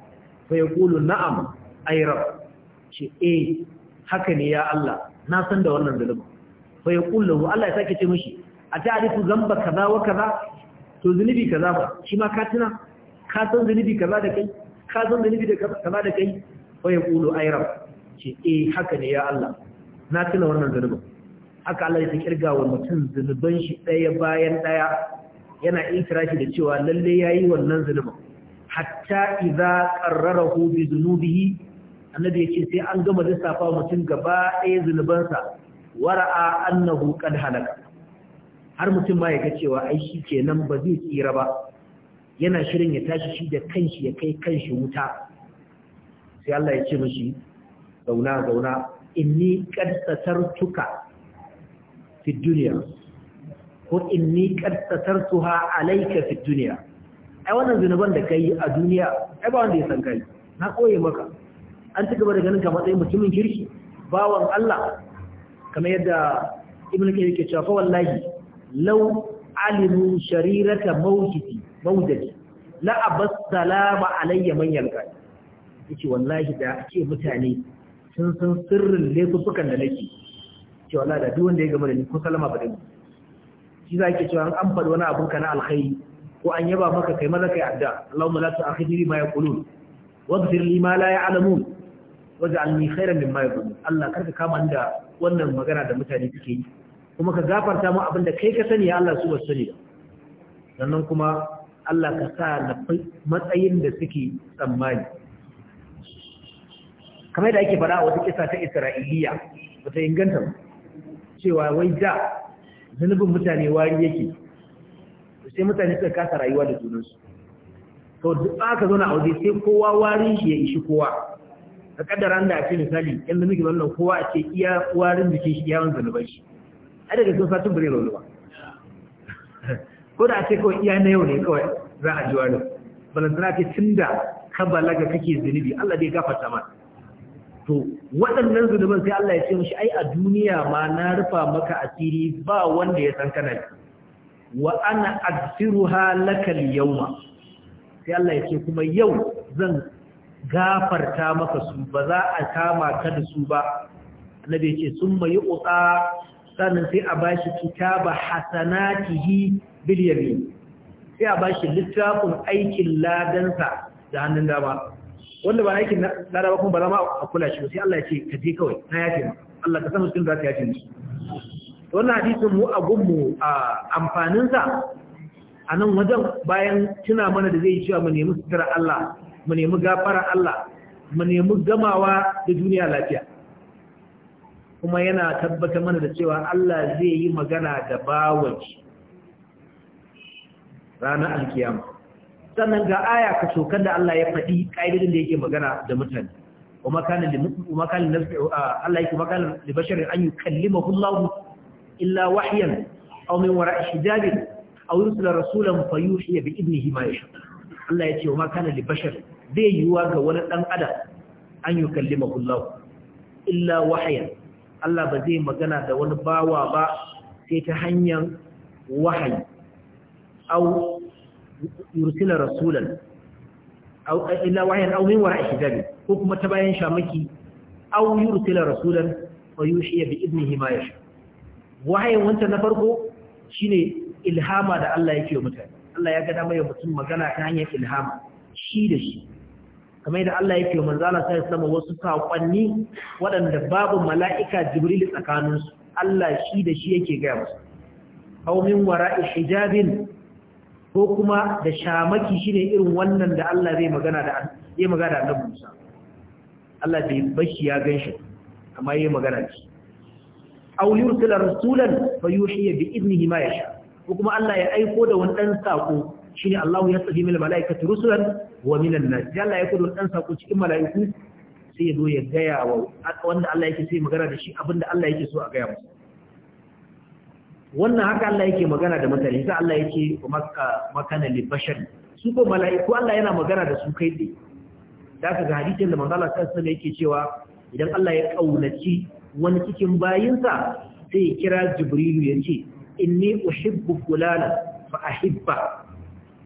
ya yaqulu na'am ay rabb ce eh haka ne ya Allah na san da wannan zulubin ya yaqulu Allah ya sake ce mishi a ta arifu zamba kaza wa kaza to zunubi kaza ba shi ma ka tuna ka san zunubi kaza da kai ka san zunubi da kaza da kai wa ya kulu ayram ce eh haka ne ya Allah na tuna wannan zunubin haka Allah ya kirga wa mutum zunuban shi daya bayan daya yana ikirashi da cewa lalle yayi wannan zunubin hatta idza qarrarahu bi zunubihi annabi yake sai an gama lissafa mutum gaba ɗaya zunubansa wara'a annahu qad halaka har mutum ma ya ga cewa ai shi kenan ba zai tsira ba yana shirin ya tashi shi da kanshi ya kai kanshi wuta sai Allah ya ce mishi zauna zauna inni qad satartuka fi dunya ko inni qad satartuha alayka fi dunya ai wannan zinuban da kai a duniya ai ba wanda ya san kai na koye maka an ci gaba da ganin ka matsayin mutumin kirki bawan Allah kamar yadda ibnu kayyim yake cewa fa wallahi lau alimu sharirata mawjidi mawjidi la abas salama alayya man yalqa yace da ake mutane sun san sirrin laifukan da nake ce wallahi da duk wanda ya gama da ni ko salama ba dai shi za ki cewa an faɗi wani abun kana alkhairi ko an yaba maka kai maza kai adda Allahumma la tu'akhidni ma yaqulun waghfir li ma la ya'lamun waj'alni khayran mimma yaqulun Allah karka kama ni da wannan magana da mutane suke yi kuma ka gafarta mu abin da kai ka sani ya Allah su ba sani ba sannan kuma Allah ka sa na matsayin da suke tsammani kamar da ake faɗa a wata kisa ta Isra'iliya wata inganta cewa wai da zunubin mutane wari yake sai mutane suka kasa rayuwa da junansu to duk aka zo na aure sai kowa warin shi ya ishi kowa ka kaddara da a ce misali yanda muke wannan kowa a ce iya warin jikin shi iya wanzu zunuban shi a daga sun satun bari rauni ba ko da ce kawai iya na yau ne kawai za a ji wani balantana ce tun da ka balaga kake zunubi Allah dai gafarta ma to waɗannan zunuban sai Allah ya ce mishi ai a duniya ma na rufa maka asiri ba wanda ya san kana wa ana asiru laka al-yawma sai Allah ya ce kuma yau zan gafarta maka su ba za a kama ka da su ba Allah ya ce mai usa sannan sai a bashi kitaba hasanatihi bil yamin sai a bashi littafin aikin ladansa da hannun dama wanda ba aikin ba kuma ba za mu a kula shi sai Allah ya ce ka je kawai na yafe maka Allah ka san mutum za ka yafe wannan hadisin mu a gummu a amfaninsa a nan wajen bayan tuna mana da zai yi cewa mu nemi sutura Allah mu nemi gafara Allah mu nemi gamawa da duniya lafiya kuma yana tabbatar mana da cewa Allah zai yi magana da bawaji ranar alkiyama sannan ga aya ka sokan da Allah ya faɗi ƙa'idodin da yake magana da mutane kuma kan Allah yake magana da basharin an yi kallimahu Allah illa wahyan aw min wara'i hijabin aw yursila rasulan fayuhi bi idnihi ma yasha Allah ya ce wa kana li bashar zai yiwa ga wani dan adam an yi kallimahu Allah illa wahyan Allah ba zai magana da wani bawa ba sai ta hanyar wahayi au yursila rasulan au ila wahayin au min wara'i ko kuma ta bayan shamaki au yursila rasulan fa yushiya bi idnihi ma wahayin wanta na farko ne ilhama da Allah yake wa mutane Allah ya gada mai mutum magana ta hanyar ilhama shi da shi kamar da Allah yake manzo Allah sai sama wasu sakonni waɗanda babu mala'ika Jibril tsakanin su Allah shi da shi yake ga musu aw min wara'i hijabin ko kuma da shamaki shine irin wannan da Allah zai magana da yayi magana da Musa Allah bai bashi ya ganshi amma yayi magana da shi aw yursila rasulan fayuhiya bi idnihi ma yasha ko kuma Allah ya aiko da wani dan sako shine Allahu yastaji mil malaikati rusulan wa min an-nas Allah ya kudu dan sako cikin malaiku sai ya zo ya gaya wa wanda Allah yake sai magana da shi abinda Allah yake so a gaya masa wannan haka Allah yake magana da mutane sai Allah yake makka makana li bashar su ko malaiku Allah yana magana da su kai dai da ka ga hadisin da manzo Allah sallallahu alaihi yake cewa idan Allah ya kaunaci wani cikin bayinsa sai ya kira Jibrilu ya ce inni uhibbu fulana fa ahibba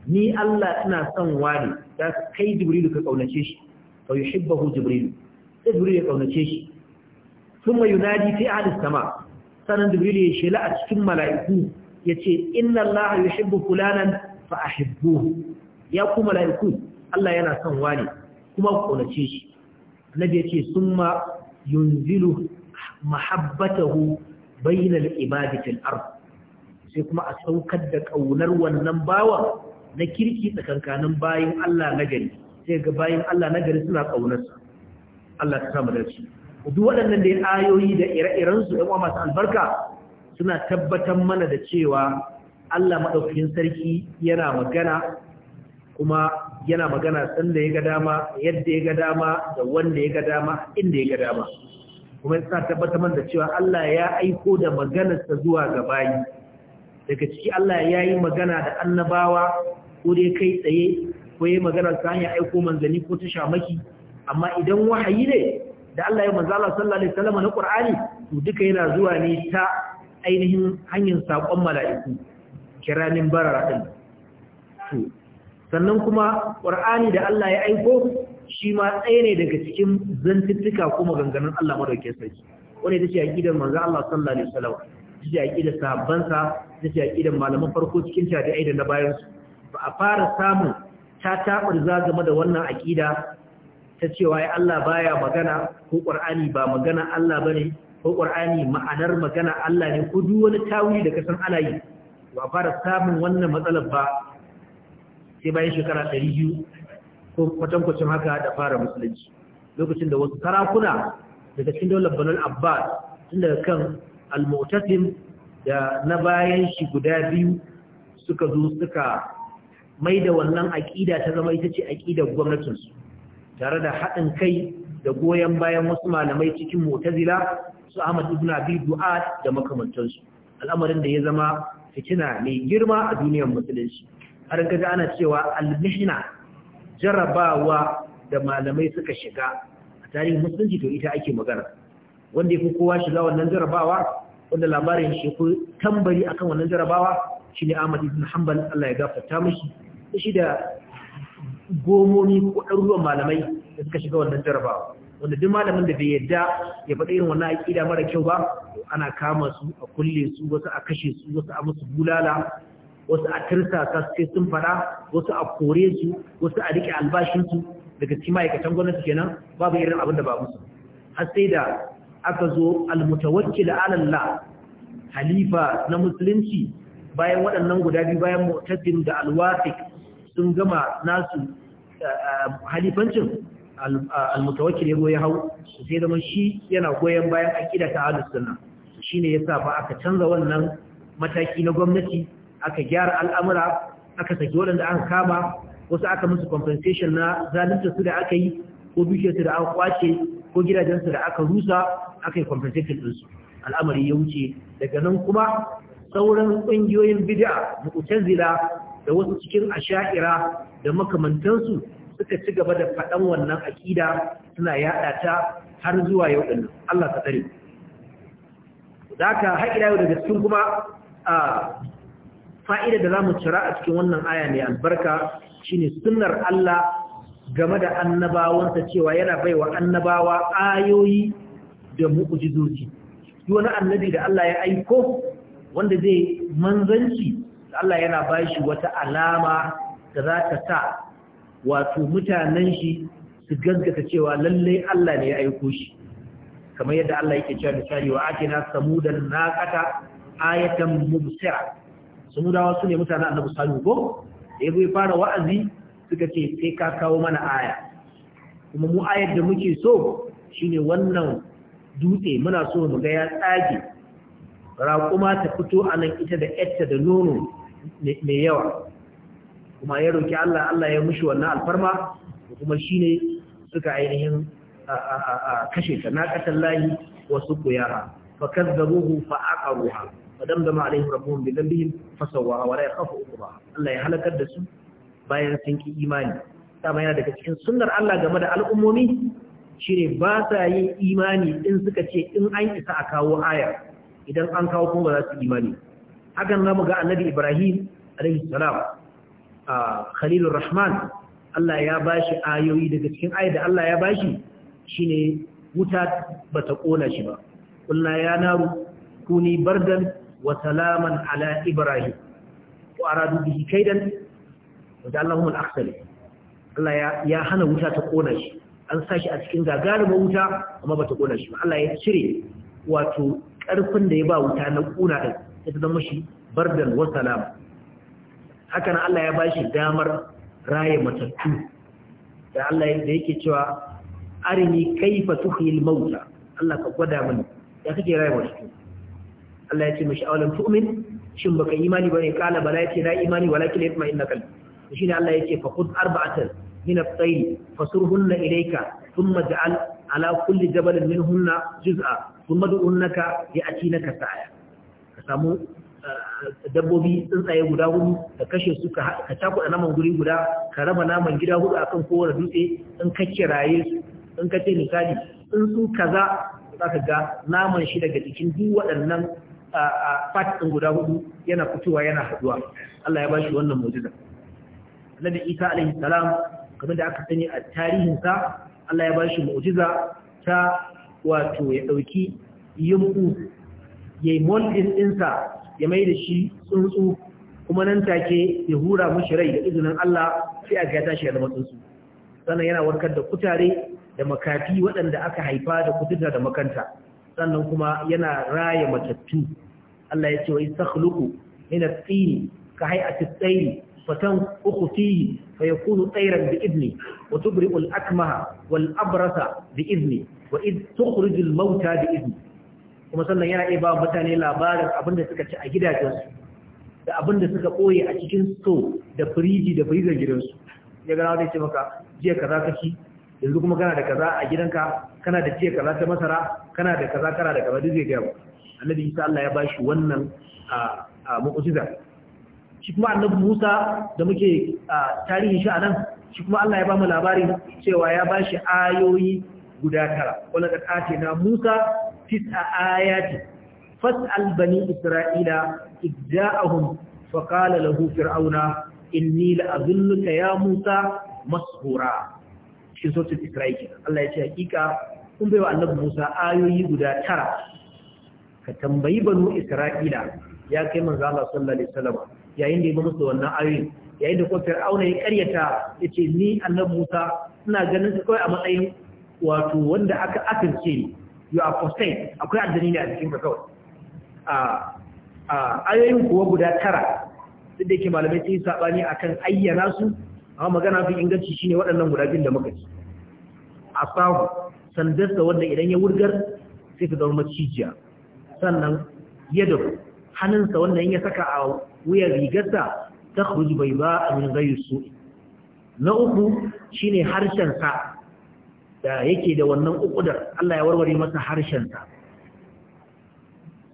ni Allah ina son wani da kai jibrilu ka kaunace shi fa yuhibbuhu jibrilu sai jibrilu ya kaunace shi thumma yunadi fi ahli sama sanan jibrilu ya shela a cikin mala'iku yace inna Allah yuhibbu fulanan fa ahibbuhu ya ku mala'iku Allah yana son wani kuma ku kaunace shi annabi yace thumma yunzilu mahabbatahu bainal ibadi fil ard sai kuma a saukar da kaunar wannan bawan na kirki tsakankanin bayin Allah nagari. gari sai ga bayin Allah na suna ƙaunarsa Allah ta samu dace duk waɗannan da ayoyi da ire-iren su ɗan masu albarka suna tabbatar mana da cewa Allah madaukakin sarki yana magana kuma yana magana sanda ya ga dama yadda ya ga dama da wanda ya ga dama inda ya ga dama kuma suna tabbatar mana da cewa Allah ya aiko da maganarsa zuwa ga bayi daga ciki Allah ya yi magana da annabawa ko dai kai tsaye ko yi magana ta hanyar aiko manzanni ko ta shamaki amma idan wahayi ne da Allah ya manzo Allah sallallahu alaihi wasallam na Qur'ani to duka yana zuwa ne ta ainihin hanyar sakon mala'iku kiranin barara din to sannan kuma Qur'ani da Allah ya aiko shi ma tsaye ne daga cikin zantuttuka kuma ganganin Allah madaukakin sarki wanda tace aqidar manzo Allah sallallahu alaihi wasallam tace aqidar sahabbansa tace aqidar malaman farko cikin tabi'ai da na su. ba a fara samun ta taɓarza game da wannan aƙida ta cewa ya Allah baya magana ko ƙwar'ani ba magana Allah ba ne ko ƙwar'ani ma'anar magana Allah ne ko duk wani tawuri da kasan ana yi ba a fara samun wannan matsalar ba sai bayan shekara ɗari biyu ko kwatankwacin haka da fara musulunci lokacin da wasu sarakuna daga cikin daular banal abbas tun daga kan almutasim da na bayan shi guda biyu suka zo suka mai da wannan aƙida ta zama ita ce aƙidar gwamnatinsu tare da haɗin kai da goyon bayan wasu malamai cikin mutazila su ahmad ibn abi du'a da makamantansu al'amarin da ya zama fitina mai girma a duniyar musulunci har da ana cewa almihna jarabawa da malamai suka shiga a tarihin musulunci to ita ake magana wanda ya fi kowa shiga wannan jarabawa wanda labarin shi ku tambari akan wannan jarabawa shi ne Ahmad ibn Hanbal Allah ya gafarta mashi shi da gomomi ko ɗaruruwan malamai da suka shiga wannan jarabawa wanda duk malamin da bai yadda ya faɗa irin wannan aƙida mara kyau ba ana kama su a kulle su wasu a kashe su wasu a musu bulala wasu a tirsasa sai sun faɗa wasu a kore su wasu a riƙe albashinsu daga cikin ma'aikatan gwamnati kenan babu irin abin da ba musu har sai da aka zo almutawakkil ala Allah halifa na musulunci bayan waɗannan guda biyu bayan mu'tasim da alwasik sun gama nasu eh, halifancin eh, almutawakkil ya hau sai zama shi yana goyon bayan akida ta ahlus sunna shine yasa fa aka canza wannan mataki na gwamnati aka gyara al'amura aka saki waɗanda aka kama wasu aka musu compensation na zalunta su da aka yi ko su da aka kwace ko gidajensu da aka rusa aka yi compensation ɗinsu al'amari ya wuce daga nan kuma sauran ƙungiyoyin bid'a mu'tazila da wasu cikin asha'ira da makamantansu suka ci gaba da faɗan wannan aƙida suna yaɗa ta har zuwa yau ɗin Allah ka tsare zaka haƙira yau daga cikin kuma fa'ida da zamu mu cira a cikin wannan aya ne, albarka shine sunnar Allah game da annabawansa cewa yana baiwa annabawa ayoyi da mu'ujizoji wani annabi da Allah ya aiko wanda zai manzanci Allah yana ba shi wata alama da za ta sa wato mutanen shi su gaggata cewa lallai Allah ne ya aiko shi kamar yadda Allah yake cewa misali wa atina samudan naqata ayatan mubsira samudawa su ne mutanen annabi salihu ko da yabo ya fara wa'azi suka ce sai ka kawo mana aya kuma mu ayar da muke so shine wannan dutse muna so mu ga ya tsage raƙuma ta fito a nan ita da yatta da nono mai yawa kuma ya roƙi Allah Allah ya mushi wannan alfarma kuma shi ne suka ainihin kashe ta naƙatar layi wasu kuyara fa kazzabuhu fa aqaruha fa damdama alaihim rabbuhum bi dhanbihim fa sawwaha wa kafa uku ba. Allah ya halakar da su bayan sun ki imani Sama yana daga cikin sunnar Allah game da al'ummomi shine ba sa yin imani in suka ce in an isa a kawo ayar idan an kawo kuma ba za su imani hakan zamu ga annabi Ibrahim alaihi salam a Khalilur Rahman Allah ya bashi ayoyi daga cikin ayi da Allah ya bashi shine wuta bata kona shi ba kullu ya naru kuni bardan wa salaman ala Ibrahim wa aradu bihi kaidan wa ja'alahum al-akhsal Allah ya hana wuta ta kona shi an sa shi a cikin gagarumin wuta amma bata kona shi ba Allah ya cire wato ƙarfin da ya ba wuta na ƙuna ɗin ya ta zama shi bardan wa salama haka nan Allah ya ba shi damar raye matattu da Allah da yake cewa arini fa tuhil mauta Allah ka gwada mini ya kake raye matattu Allah ya ce mishi awalan tu'min shin baka imani ba bane kala bala yace na imani wala walakin yatma inna shi ne Allah ya ce fa khudh arba'atan min at-tayr fasurhunna ilayka thumma ja'al ala kulli jabalin minhunna juz'a sun naka ya aci naka sa'aya ka samu eh, dabbobi tsuntsaye guda hudu ka kashe su ka cakuɗa naman guri guda ka raba naman gida hudu akan kowane dutse in ka kiraye su in ka ce misali su kaza za ka ga naman shi daga cikin duk waɗannan fat ɗin guda hudu yana fitowa yana haɗuwa Allah ya bashi wannan mu'jiza Annabi Isa alaihi salam kamar da aka sani a tarihinsa Allah ya bashi mu'jiza ta wato ya ɗauki yimɓu ya yi moldin ɗinsa ya mai da shi tsuntsu kuma nan take ya hura mashi rai da izinin Allah sai a gata shi ya zama tsuntsu sannan yana warkar da kutare da makafi waɗanda aka haifa da kututa da makanta sannan kuma yana raya matattu Allah ya ce wa istakhluqu min at-tin ka hay'ati at-tayr fatan ukhtihi fayakunu tayran bi idni wa tubri'u al-akmaha wal abrasa bi idni wa id al mauta bi kuma sannan yana iya ba mutane labarin abin da suka ci a gidajensu da abin da suka ɓoye a cikin so da firiji da firizar gidansu ya gana zai ce maka jiya kaza ka ci yanzu kuma kana da kaza a gidanka kana da jiya kaza ta masara kana da kaza kana da kaza duk zai gaba annabi isa Allah ya bashi wannan a mu'jiza shi kuma annabi Musa da muke tarihin shi anan shi kuma Allah ya ba mu labarin cewa ya bashi ayoyi guda tara wala kad atina Musa tis'a ayati fas'al bani Isra'ila idja'ahum fa auna in fir'auna inni la'adhunnuka ya Musa mashura cikin sautin Isra'il Allah ya ce hakika kun bai wa annabi Musa ayoyi guda tara ka tambayi banu Isra'ila ya kai manzo Allah sallallahu alaihi wasallam yayin da ya musu wannan ayoyi yayin da kuma Fir'auna ya karyata yace ni annabi Musa ina ganin ka kai a matsayin wato wanda aka asirce ne you akwai aljani ne a cikin ka kawai a ayoyin kuwa guda tara duk da yake malamai sun yi sabani akan ayyana su amma magana fi inganci shine waɗannan guda biyu da muka ci A sahu, sandarsa wanda idan ya wurgar sai ka zama macijiya sannan yadda hannunsa wanda ya saka a wuyar rigarsa ta bai ba a min gayu su na uku shine sa. da yake da wannan ukudar Allah ya warware masa ta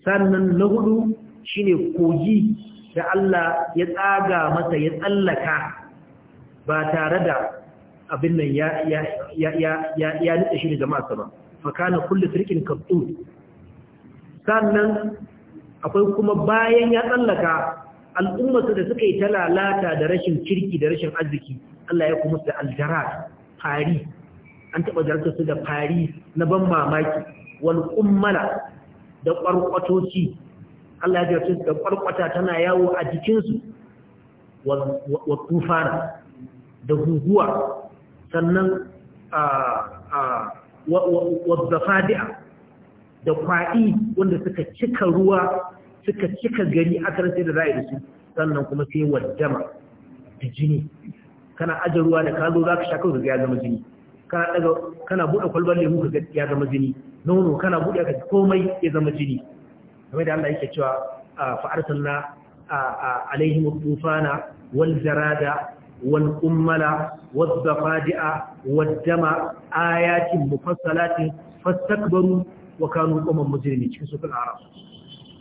sannan na hudu shine kogi da Allah ya tsaga masa ya tsallaka ba tare da abin nan ya ya ya ya ya shi da masa ba fa kana kullu sannan akwai kuma bayan ya tsallaka al'ummatu da suka yi talalata da rashin kirki da rashin arziki Allah ya kuma da aljara, fari an taɓa jarta su da fari na ban mamaki wal kummala da ƙwarƙwatoci Allah ya jarta su da ƙwarƙwata tana yawo a jikinsu wa tufana da guguwa sannan wa zafadi'a da kwaɗi wanda suka cika ruwa suka cika gari aka rasa da za'a su sannan kuma sai wa da jini kana aje ruwa da kazo zaka za ka sha kawai ya zama jini ka daga kana bude kwalban lemu ka ya zama jini nono kana bude ka komai ya zama jini kamar da Allah yake cewa fa arsalna alaihim tufana wal jarada wal ummala wad dafadi'a wad dama ayatin mufassalatin fastakbaru wa kanu qawman mujrimin cikin sura al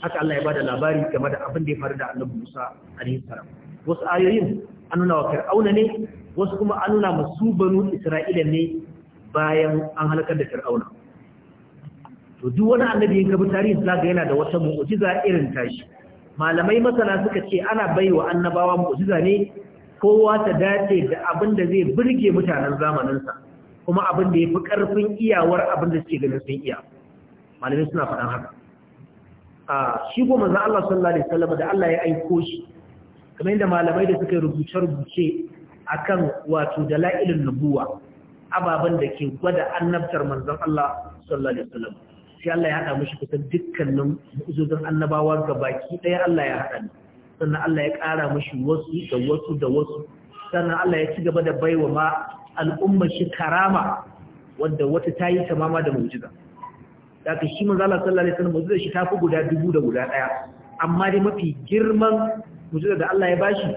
haka Allah ya bada labari game da abin da ya faru da Annabi Musa alaihi salam wasu ayoyin an nuna wa Fir'auna ne wasu kuma an nuna masu banu isra'ila ne bayan an halakar da fir'auna to duk wani annabi in ka tarihi tarihin yana da wata mu'jiza irin tashi malamai masana suka ce ana baiwa annabawa mu'jiza ne kowa ta dace da abin da zai burge mutanen zamaninsa kuma abin da ya fi ƙarfin iyawar abin da suke ganin sun iya malamai suna faɗan haka shi goma za Allah sallallahu Alaihi wasallam da Allah ya aiko shi kamar yadda malamai da suka rubuce-rubuce akan wato dalailin nubuwa ababen da ke gwada annabtar manzan Allah sallallahu alaihi wasallam sai Allah ya haɗa mashi kusan dukkanin mu'jizan annabawa baki ɗaya Allah ya haɗa ni sannan Allah ya ƙara mashi wasu da wasu da wasu sannan Allah ya ci gaba da baiwa ma al'ummar shi karama wadda wata ta yi tamama da mu'jiza daga shi manzo Allah sallallahu alaihi wasallam mu'jizar shi ta fi guda dubu da guda ɗaya amma dai mafi girman mu'jiza da Allah ya bashi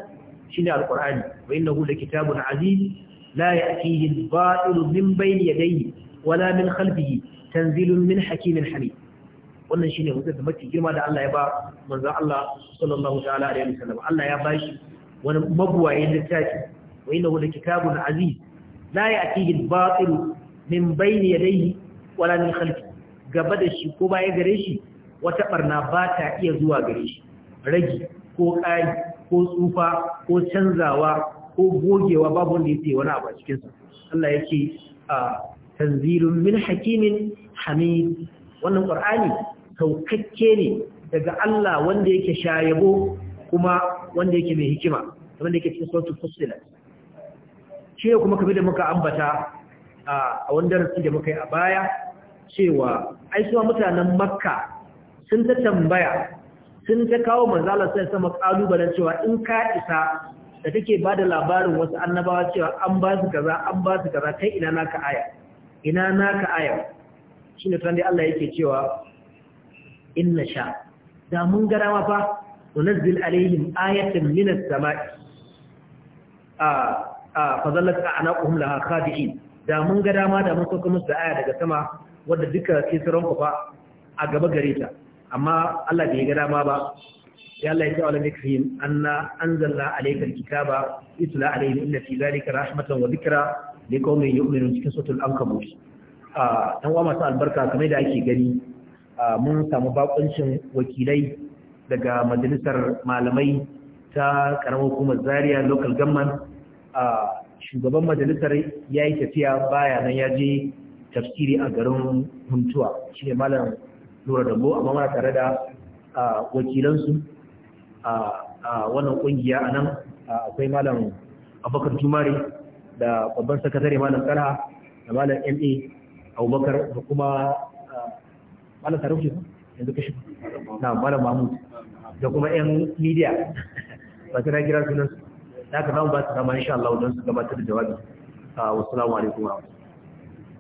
shine alqur'ani wa innahu lakitabun aziz la ya'tihi al-batil min bayni yadayhi wala min khalfihi tanzilun min hakimin hamid wannan shine hujjar da mafi girma da Allah ya ba manzo Allah sallallahu ta'ala alaihi wasallam Allah ya bashi wani mabuwaye littafi wa innahu lakitabun aziz la ya'tihi al-batil min bayni yadayhi wala min khalfihi, gaba da shi ko baya gare shi wata barna ba ta iya zuwa gare shi ragi ko ƙari ko tsufa ko canzawa ko gogewa babu wanda ya yake wani abu a cikin sa Allah yake ah, tanzilun min hakimin hamid wannan qur'ani saukakke ne daga Allah wanda yake shayabo kuma wanda yake mai hikima wanda yake cikin sautin fussilat shi kuma kabi da muka ambata a wanda rasu da muka yi a baya cewa ai suwa mutanen makka sun ta tambaya sun ta kawo manzala sai sama kalubalen cewa in ka isa da take ba da labarin wasu annabawa cewa an ba su kaza an ba su kaza kai ina naka aya ina naka aya shi ne tunan da Allah yake cewa 'Inna sha da mun gara ma fa nunazzil alaihim ayatan minas sama'i a a fadallat a'naquhum laha khadi'in da mun ga dama da mun sauka musu da aya daga sama wadda duka sai su ku fa a gaba gare ta amma Allah bai ga ma ba ya Allah ya tawala wala bikrin anna anzalna alayka alkitaba yutla alayhi inna fi zalika rahmatan wa dhikra liqaumin yu'minun cikin suratul ankabut a ah, dan uwa masu albarka kamar da ake gani ah, mun samu bakuncin wakilai daga majalisar malamai ta karamar hukumar Zaria local government ah, shugaban majalisar ya yi tafiya baya nan ya je tafsiri a garin Huntuwa shine malam lura da mu amma muna tare da wakilansu a wannan kungiya a nan akwai malam abubakar jumari da babban sakatare malam talha da malam ma abubakar da kuma malam sarauci yanzu kashi na malam mahmud da kuma yan media ba su na kira sunan su da aka zama ba su zama insha Allah don su gabatar da jawabi wasu alaikum wa rahmatullahi